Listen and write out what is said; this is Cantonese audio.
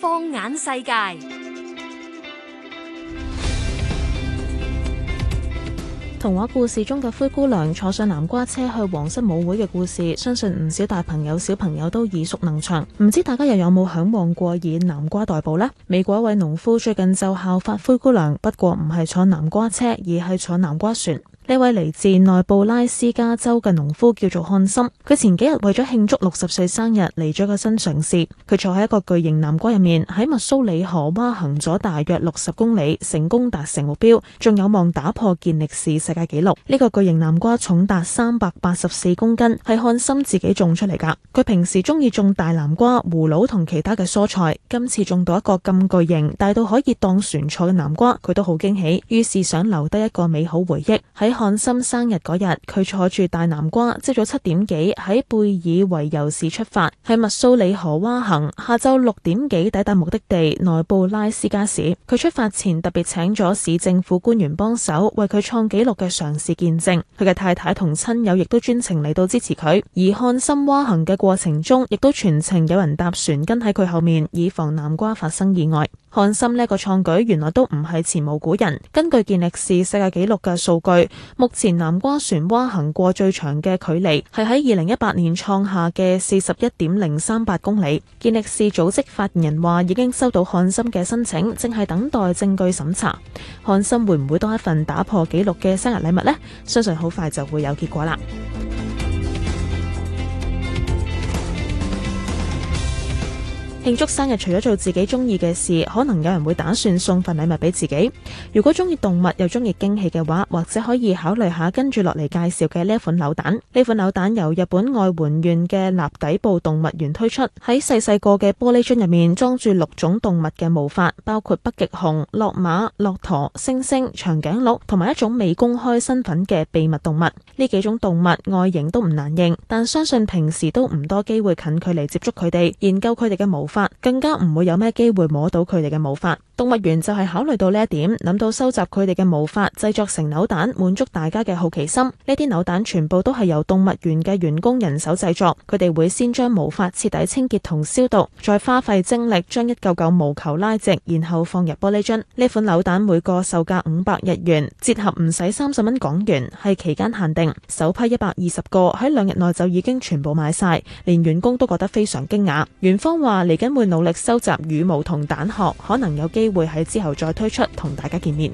放眼世界，童話故事中嘅灰姑娘坐上南瓜車去皇室舞會嘅故事，相信唔少大朋友、小朋友都耳熟能詳。唔知大家又有冇嚮往過以南瓜代步呢？美國一位農夫最近就效法灰姑娘，不過唔係坐南瓜車，而係坐南瓜船。呢位嚟自內布拉斯加州嘅農夫叫做漢森，佢前幾日為咗慶祝六十歲生日嚟咗個新嘗試。佢坐喺一個巨型南瓜入面，喺密蘇里河划行咗大約六十公里，成功達成目標，仲有望打破健力士世界紀錄。呢、這個巨型南瓜重達三百八十四公斤，係漢森自己種出嚟㗎。佢平時中意種大南瓜、葫蘆同其他嘅蔬菜，今次種到一個咁巨型、大到可以當船坐嘅南瓜，佢都好驚喜，於是想留低一個美好回憶喺。漢森生日嗰日，佢坐住大南瓜，朝早七點幾喺貝爾維尤市出發，喺密蘇里河划行，下晝六點幾抵達目的地內布拉斯加市。佢出發前特別請咗市政府官員幫手，為佢創紀錄嘅嘗試見證。佢嘅太太同親友亦都專程嚟到支持佢。而漢森划行嘅過程中，亦都全程有人搭船跟喺佢後面，以防南瓜發生意外。漢森呢個創舉原來都唔係前無古人。根據健力士世界紀錄嘅數據，目前南瓜船划行過最長嘅距離係喺二零一八年創下嘅四十一點零三八公里。健力士組織發言人話，已經收到漢森嘅申請，正係等待證據審查。漢森會唔會多一份打破紀錄嘅生日禮物呢？相信好快就會有結果啦。慶祝生日，除咗做自己中意嘅事，可能有人會打算送份禮物俾自己。如果中意動物又中意驚喜嘅話，或者可以考慮下跟住落嚟介紹嘅呢一款扭蛋。呢款扭蛋由日本愛媛縣嘅立底部動物園推出，喺細細個嘅玻璃樽入面裝住六種動物嘅毛髮，包括北極熊、駱馬、駱駝、猩猩、長頸鹿同埋一種未公開身份嘅秘密動物。呢幾種動物外形都唔難認，但相信平時都唔多機會近距離接觸佢哋，研究佢哋嘅毛髮。法更加唔會有咩機會摸到佢哋嘅毛髮。動物園就係考慮到呢一點，諗到收集佢哋嘅毛髮，製作成扭蛋，滿足大家嘅好奇心。呢啲扭蛋全部都係由動物園嘅員工人手製作，佢哋會先將毛髮徹底清潔同消毒，再花費精力將一嚿嚿毛球拉直，然後放入玻璃樽。呢款扭蛋每個售價五百日元，折合唔使三十蚊港元，係期間限定，首批一百二十個喺兩日內就已經全部賣晒，連員工都覺得非常驚訝。園方話嚟緊會努力收集羽毛同蛋殼，可能有機會。機會喺之後再推出，同大家見面。